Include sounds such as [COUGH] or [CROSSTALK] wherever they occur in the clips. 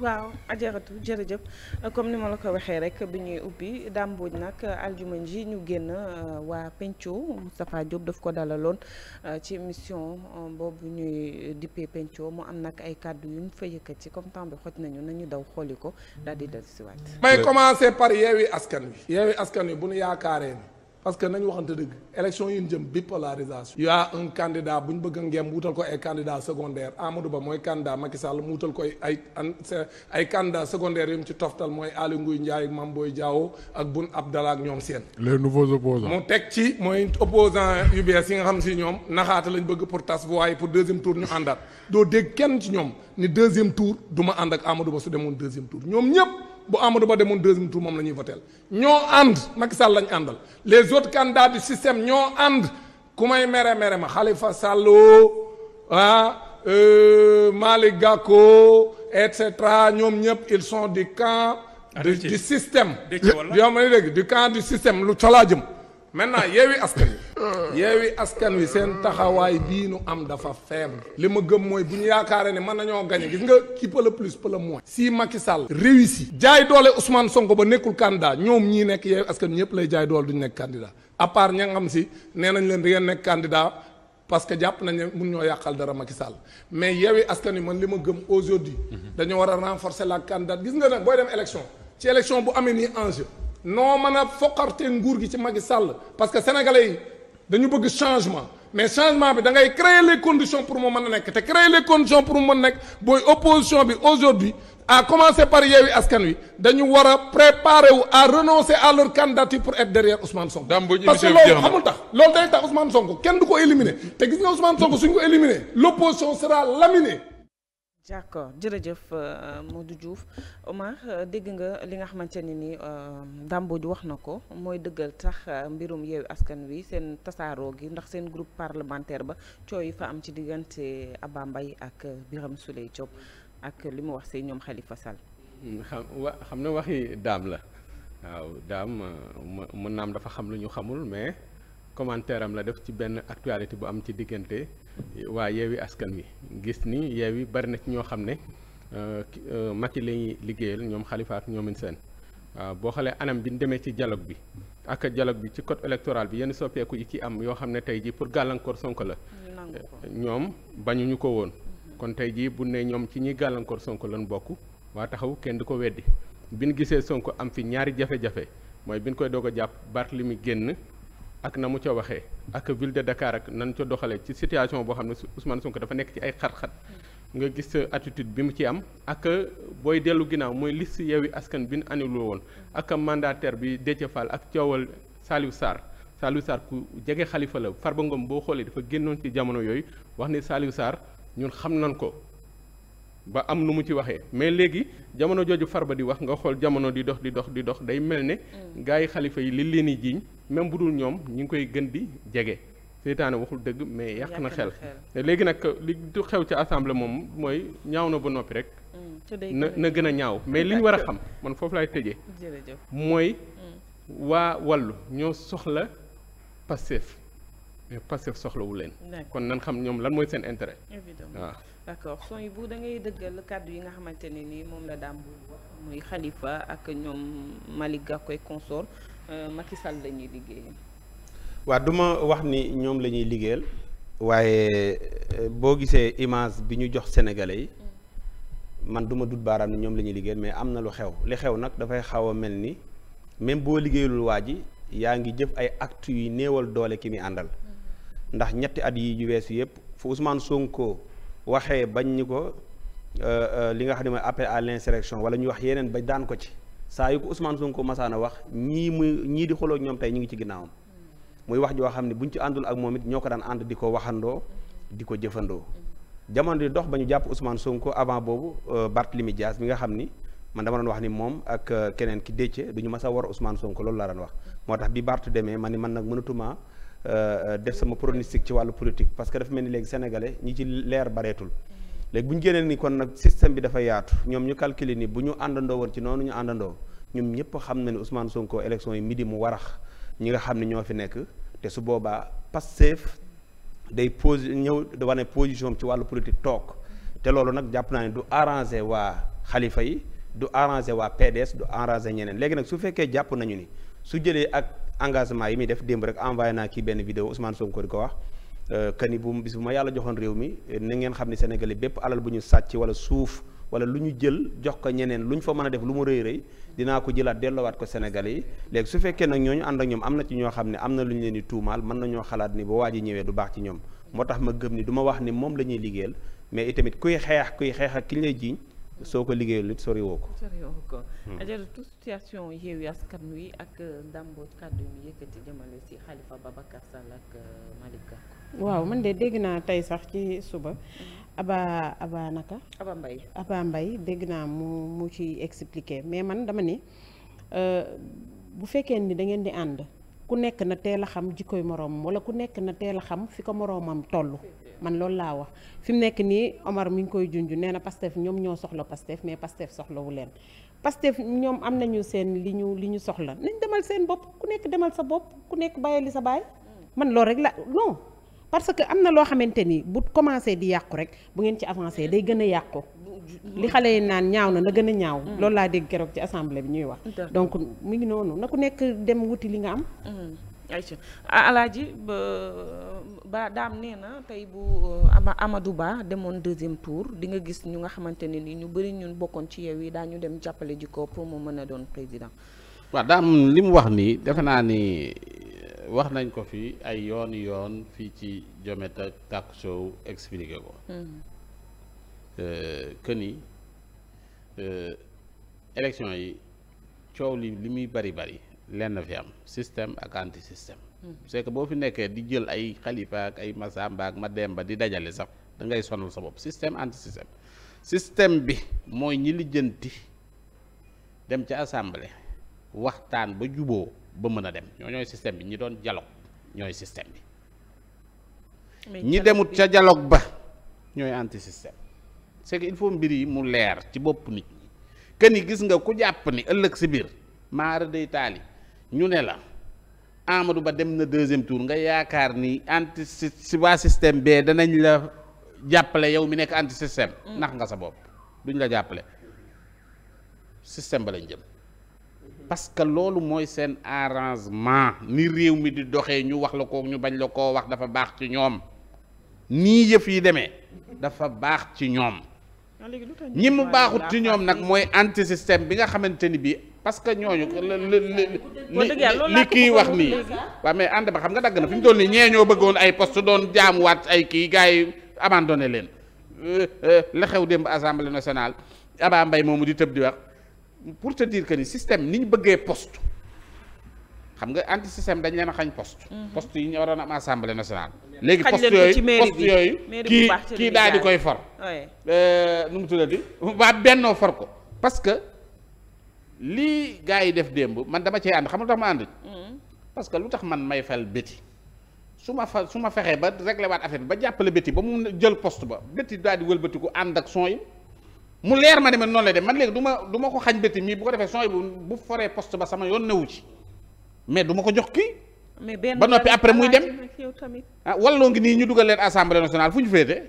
waaw ajaratu jërëjëf comme ni ma la ko waxee rek bi ñuy ubbi Dame Mbodj nag aljuma ji ñu génn euh, waa penco Moustapha Diop daf ko dalaloon euh, ci émission euh, boobu ñuy dippee penco mu am nag ay kàddu yu ñu fa ci comme temps bi xoj nañu nañu daw xooli ko daal di dellusiwaat. may commencer par yeewi askan wi. yeewi askan wi bu nu yaakaaree. parce que nañu waxante dëgg élection yi ñu jëm bipolarisation. y a un candidat bu ñu bëgg a ngeem wutal ko ay candidat secondaire Amadou Ba mooy candidat Macky Sall mu wutal ko ay ay candidat secondaire yu ci toftal mooy Aly Ngouille Ndiaye ak Mame Boye Diao ak Boun Abdallah ak ñoom seen. les nouveaux opposants mu teg ci mooy opposant yu bees yi nga xam si ñoom naxaata lañ bëgg pour tas bu pour deuxième tour ñu àndaat doo dégg kenn ci ñoom ni deuxième tour du ma ànd ak Amadou Ba su demoon deuxième tour ñoom ñëpp. bu Amadou Ba demoon deuxième tour moom la ñuy voteel ñoo ànd Macky Sall lañ àndal les autres candidats du système ñoo ànd ku may mere mere ma xalifa Sallo ah euh, Malick Gakou et cetera ñoom ñëpp ils son du camp du système yow ma ne dégg du camp du système lu colaa jëm maintenant yeewi askan yeewi askan wi seen taxawaay bii nu am dafa faible li ma gëm mooy bu ñu yaakaaree ne mën nañoo gagné gis nga qui peut le plus peut le moins si Macky Sall réussi jaay doole Ousmane Sonko ba nekkul candidat ñoom ñii nekk yeewi askan wi ñëpp lay jaay doole duñ nekk candidat à part ña xam si nee nañ leen di ngeen nekk candidat parce que jàpp nañ ne mun ñoo yàqal dara Macky Sall mais yeewi askan wi man li ma gëm aujourd'hui dañoo war a renforcer la candidate gis nga nag booy dem élection ci élection bu amee nii enjeu noo mën a foqarte nguur gi ci Macky Sall parce que sénégalais dañu bëgg changement mais changement bi dangay ngay créer les conditions pour mu mën a nekk te créer les conditions pour mu mën a nekk booy opposition bi aujourd'hui à commencer par Yewwi Askan Wi dañu war a préparer wu à renoncer à leur candidature pour être derrière Ousmane Sonko. parce que loolu xamul tax loolu day tax Ousmane Sonko kenn du ko éliminer te gis nga Ousmane Sonko suñ ko éliminer l'opposition sera laminée. d' accord jërëjëf euh, Modou Diouf Omar euh, dégg nga li nga xamante ni ni euh, Dambodj wax na ko mooy dëggal tax mbirum yeewu askan wi seen tasaaroo gi ndax seen groupe parlementaire ba cooy fa am ci diggante Abba mbay ak Birame Souleye Diop ak li mu wax si ñoom Khalifa Sall. Hmm, xam wa xam na waxi daam la waaw daam mën naam dafa xam lañu xamul mais commentaire la def ci benn actualité bu am ci diggante. waa Yewwi Askan Wi gis ni Yewwi bari na ci ñoo xam ne euh, euh, Macky lañuy liggéeyal ñoom Khalifa ak ñoomin seen waaw boo xoolee anam bi ñu demee ci dialogue bi ak dialogue bi ci code électoral bi yenn soppeeku yi ci am yoo xam ne tey jii pour gàllankoor Sonko la euh, ñoom bañuñu ko woon kon tey ji bu ne ñoom ci ñuy gàllankoor Sonko lan bokk waa taxaw kenn di ko weddi bi ñu gisee Sonko am fi ñaari jafe-jafe mooy bi ñu koy doog a jàpp Barthélemy génn ak na mu ca waxee ak ville de Dakar ak nan ca doxalee ci situation boo xam ne Ousmane Sonko dafa nekk ci ay xat-xat nga gis attitude bi mu ci am ak booy dellu ginnaaw mooy liste Yewwi Askan bi ñu annulé woon ak mandataire bi Déthié ak coowal Saliou saar Saliou Sarr ku jege xalifa la ba Ngom boo xoolee dafa génnoon ci jamono yooyu wax ni Saliou saar ñun xam nañ ko ba am nu mu ci waxee mais léegi jamono jooju far ba di wax nga xool jamono di dox di dox di dox day mel ne. Mm. gars yi xalifa yi li leen di jiiñ même bu dul ñoom ñu ngi koy gën di jege. seytaane waxul dëgg mais yàq na xel léegi nag li du xew ca assemblée moom mooy ñaaw na ba noppi rek. Mm, na na gën a ñaaw mais li war a xam man foofu laay tëjee. mooy mm. waa wàllu ñoo soxla Pastef mais Pastef soxlawu leen. kon nan xam ñoom lan mooy seen intérêt. évidemment waaw d' accord sooy bu da ngay dëggal kàddu yi nga xamante ne ni moom la daam muy Khalifa ak ñoom Malick Gakou consort euh, Macky Sall la liggéeyal. waa du wax ni ñoom la ñuy liggéeyal waaye euh, boo gisee image bi ñu jox sénégalais yi. Mm. man du ma dut baaraam ni ñoom la ñuy liggéeyal mais am na lu xew li xew nag dafay xaw a mel ni même boo liggéeyalul waa ji yaa ngi jëf ay actes yuy néewal doole ki muy àndal ndax ñetti at yi ñu weesu yëpp fu Ousmane Sonko waxee bañ ñu ko euh, euh, li nga xam ne mooy appel à wala ñu wax yeneen ba daan ko ci saa yu ko Ousmane Sonko wax ñii muy ñii di xuloo ñoom ñu ngi ci ginnaawam muy wax joo xam ne buñ ci àndul moom it ñoo ko daan ànd di ko waxandoo di ko jëfandoo jamono di dox ba ñu jàpp Ousmane Sonko avant boobu euh, Barthélemy Dias mi nga xam ni man dama doon wax ni moom ak keneen ki décce du ñu mas a war Ousmane Sonko loolu laa daan wax moo tax di Barth demee ma ni man nag mënatuma Euh, euh, def sama pronostic ci wàllu politique parce que dafa mel ni léegi sénégalais ñi ci leer bareetul léegi bu ñu génnee ni kon nag système bi dafa yaatu ñoom ñu calculer ni bu ñu àndandoo woon ci noonu ñu àndandoo ñoom ñëpp xam na ne Ousmane Sonko élection yi midi mu warax ñi nga xam ne ñoo fi nekk te su boobaa Pastef day pose ñëw wane position ci wàllu politique toog te loolu nag jàpp naa ne du arrangé waa xalifa yi du arrangé waa PDS du arrangé ñeneen léegi nag su fekkee jàpp nañu ni engagement yi muy def démb rek envoyé naa kii benn vidéo Ousmane Sonko di ko wax kani euh, bu bis bu ma yàlla joxoon réew mi na ngeen xam ne Sénégalais bépp alal bu ñu sàcc wala suuf wala lu ñu jël jox ko ñeneen lu ñu fa mën a def lu mu rëy rëy dinaa ko jëlaat dellowaat ko sénégal yi léegi su fekkee nag ñooñu ànd ak ñoom am na ci ñoo xam ne am na lu ñu leen di tuumaal mën nañoo xalaat ni ba waa ji ñëwee du baax ci ñoom moo tax ma gëm ni du ma wax ni moom la ñuy liggéeyal mais itamit kuy xeex kuy xeex ak ki lay soo ko liggéeyul it sori ko. sori woo ko. Hmm. ajaratu situation Yewwi Askan Wi ak euh, Dame kàddu yi yëkkati jëmale ci Khalifa Babacar Sall ak euh, Malick Gakou. waaw man de dégg naa tey sax ci suba. Hmm. Aba Aba naka. Aba Mbaye Aba Mbaye dégg naa mu mu ci expliquer mais man dama ne euh, bu fekkee ni da ngeen di ànd. ku nekk na teel a xam jikkoy moroomam wala ku nekk na teel a xam fi ko moroomam toll man loolu laa wax fi mu nekk nii Omar mi ngi koy junj nee na Pastef ñoom ñoo soxla Pastef mais Pastef soxlawu leen Pastef ñoom am nañu seen li ñu li ñu soxla nañ demal seen bopp ku nekk demal sa bopp ku nekk bàyyi li sa baay man loolu rek la non parce que am na loo xamante ni bu commencé di yàqu rek bu ngeen ci avancé mm. day gën a yàqu li xale yi naan ñaaw na na gën a ñaaw mm. loolu laa dégg keroog ci assemblée bi ñuy wax donc mu ngi noonu na ku nekk dem wuti li nga am mm. ayca alaaji ba daam nee na tey bu euh, ama Amadou Ba demoon deuxième tour di nga gis ñu nga xamante ne ni ñu bëri ñun bokkoon ci yow yi ñu dem jàppale ji ko pour mu mën a doon président waa daam li mu wax nii defe naa ni wax nañ ko fii ay yoon yoon fii ci Jometa Taku Show expliqué ko mm-hmm. euh, que ni euh, élection yi coow li li muy bari bari lenn fi am système ak anti système mm-hmm. c'est que boo fi nekkee di jël ay xalifa ak ay masamba ak ma demba di dajale sax dangay ngay sonal sa bopp système anti système système bi mooy ñi lijjanti dem ca assemblée waxtaan ba juboo ba mën a dem ñoo ñooy système bi ñi doon dialogue ñooy système bi ñi demut ca dialogue ba ñooy anti système c'est il faut mbir yi mu leer ci bopp nit ñi ken ni gis nga ku jàpp ni ëllëg si biir maara day taali ñu ne la Amadou Ba dem na deuxième tour nga yaakaar ni anti si waa système bee danañ la jàppale yow mi nekk anti système. Mm. nax nga sa bopp duñ la jàppale système ba lañ jëm. parce que loolu mooy seen arrangement ni réew mi di doxee ñu wax la ko ñu bañ la koo wax dafa baax ci ñoom nii yëf yi demee dafa baax ci ñoom ah, ñi mu baaxut ci ñoom nag mooy anti système bi nga xamante ni bii parce que ñooñu ah, li kii wax nii waaw mais ànd ba xam nga dagg na fi mu doon nii ñee ñoo bëggoon ay poste doon jaamuwaat ay kii gars yi abandonné leen euh, euh, la xew démb assemblée nationale Aba Mbaye moomu di tëb di wax pour te dire que ni système ni ñu bëggee post xam nga anti système dañ leen a xañ poste. Mhm. poste yi ñu waroon am assemblée nationale. léegi poste yooyu poste yooyu kii kii daal di koy for. Euh, nu mu tuddati waa bennoo for ko parce que lii gaa yi def démb man dama cee ànd xam lu tax ma ànd. Mhm. parce que lu tax man may fal béti su ma fa su ma fexee ba réglé waat affaire bi ba jàppale béti ba mu jël post ba béti daal di wëlbatiku ànd ak son yi. mu leer ma ne man noonu lay dem man léegi duma duma ko xañ bëtt mii bu ko defee sooy bu bu foree poste ba sama yoon newu ci mais duma ko jox kii. mais benn ba noppi après muy dem ah walloo ngi nii ñu dugal leen assemblée nationale fu ñu féete.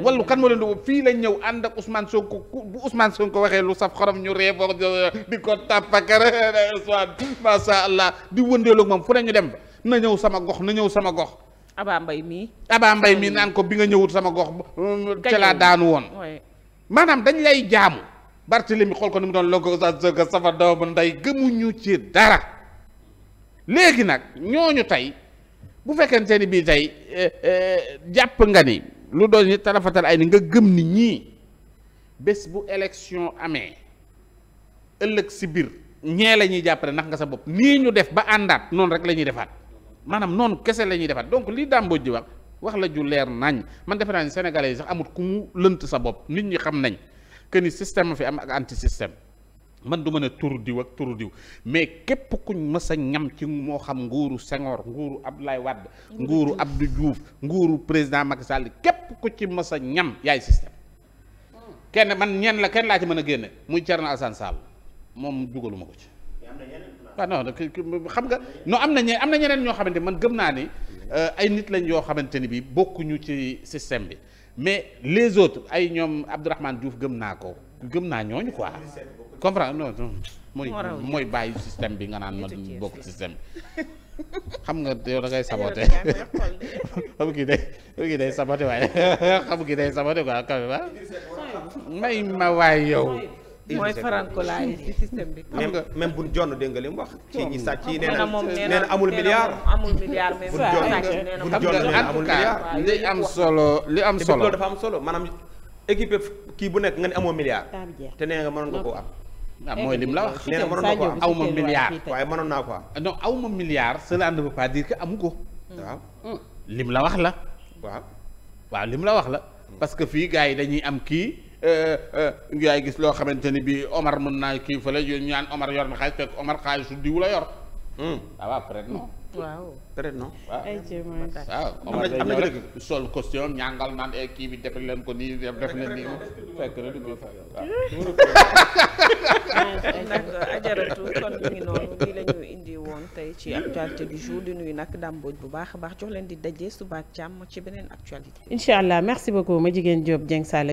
wallu kan moo leen du fii lay ñëw ànd ak Ousmane Sonko bu Ousmane Sonko waxee lu saf xorom ñu ree boog di ko tàppakar Ousmane masha Allah di wëndeelu ak moom fu ne ñu dem na ñëw sama gox na ñëw sama gox. Aba mbay mii. Aba mbay mii naan ko bi nga ñëwut sama gox. ca laa daanu woon. maanaam dañ lay jaamu Barthélemy xool ko ni mu doon logo sa safa doomu ndey gëmuñu ci dara léegi nag ñooñu tey bu fekkente ni bii tey eh, eh, jàpp nga ni lu doon ni tarafatal ay ni nga gëm ni ñii bés bu élection amee ëllëg si biir ñee la ñuy jàppale nax nga sa bopp nii ñu def ba àndaat noonu rek la ñuy defaat maanaam noonu kese la ñuy defaat donc lii Dame Mbodji wax wax la ju leer nañ man defe naa ni sénégalais yi sax amut ku mu lënt sa bopp nit ñi xam nañ que ni système fi am ak anti système man du ma ne tur diw ak tur diw mais képp kuñ mës ñam ci moo xam nguuru Senghor nguuru Abdoulaye Wade nguuru Abdou Diouf nguuru président Macky Sall képp ku ci mës ñam yaay système kenn man ñeen la kenn laa ci mën a génne muy Thierno Alassane Sall moom ma ko ci waaw ah non xam nga non am na ñe am na ñeneen ñoo xamante man gëm naa ni Euh, ay nit lañ yoo xamante ni bi bokkuñu ci système bi mais les autres ay ñoom Abdourahmane Diouf gëm naa ko gëm naa ñooñu quoi comprendre non non mooy mooy bàyyi système bi nga naan ma bokk système bi xam nga yow da ngay saboté [LAUGHS] xam kii day xam kii day saboté waaye [LAUGHS] xam kii day ah. may ma waay yow mooy farankulaay ci système bi. xam nga même buñ jonn dégg nga li mu wax. ci ñi sàcc yi nee na nee na amul milliard amul milliard mais buñ jonn buñ jonn nee na amul milliard. li am solo li am solo loolu dafa am solo maanaam équipe kii bu nekk nga ne amoo milliard. te nee nga mënoon nga koo am. waaw ah, mooy lim la wax nee na mënoon na ko am aw ma milliard waaye mënoon naa ko am. non aw ma milliard cela ne veut pas dire que amu ko. Hmm. waaw hmm. lim la wax la. waaw waaw lim la wax la. Hmm. parce que fii gars yi dañuy am kii. Eh, eh, eh, yaay gis loo xamante ni bi Omar mën naa kii fële yu ñaan Omar yor na xaalis fekk Omar xaalis su diw la yor hmm. ah waaw peut-être non waaw na rek sol kii bi def leen ko nii def def leen nii fekk na du bi [LAUGHS] [LAUGHS] ngi noonu lii la indi woon tey ci actualité du jour di nuyu nag dàmbooj bu baax baax jox leen di daje suba ak jàmm ci beneen actualité incha allah merci beaucoup ma jigéen Diop Dieng Sall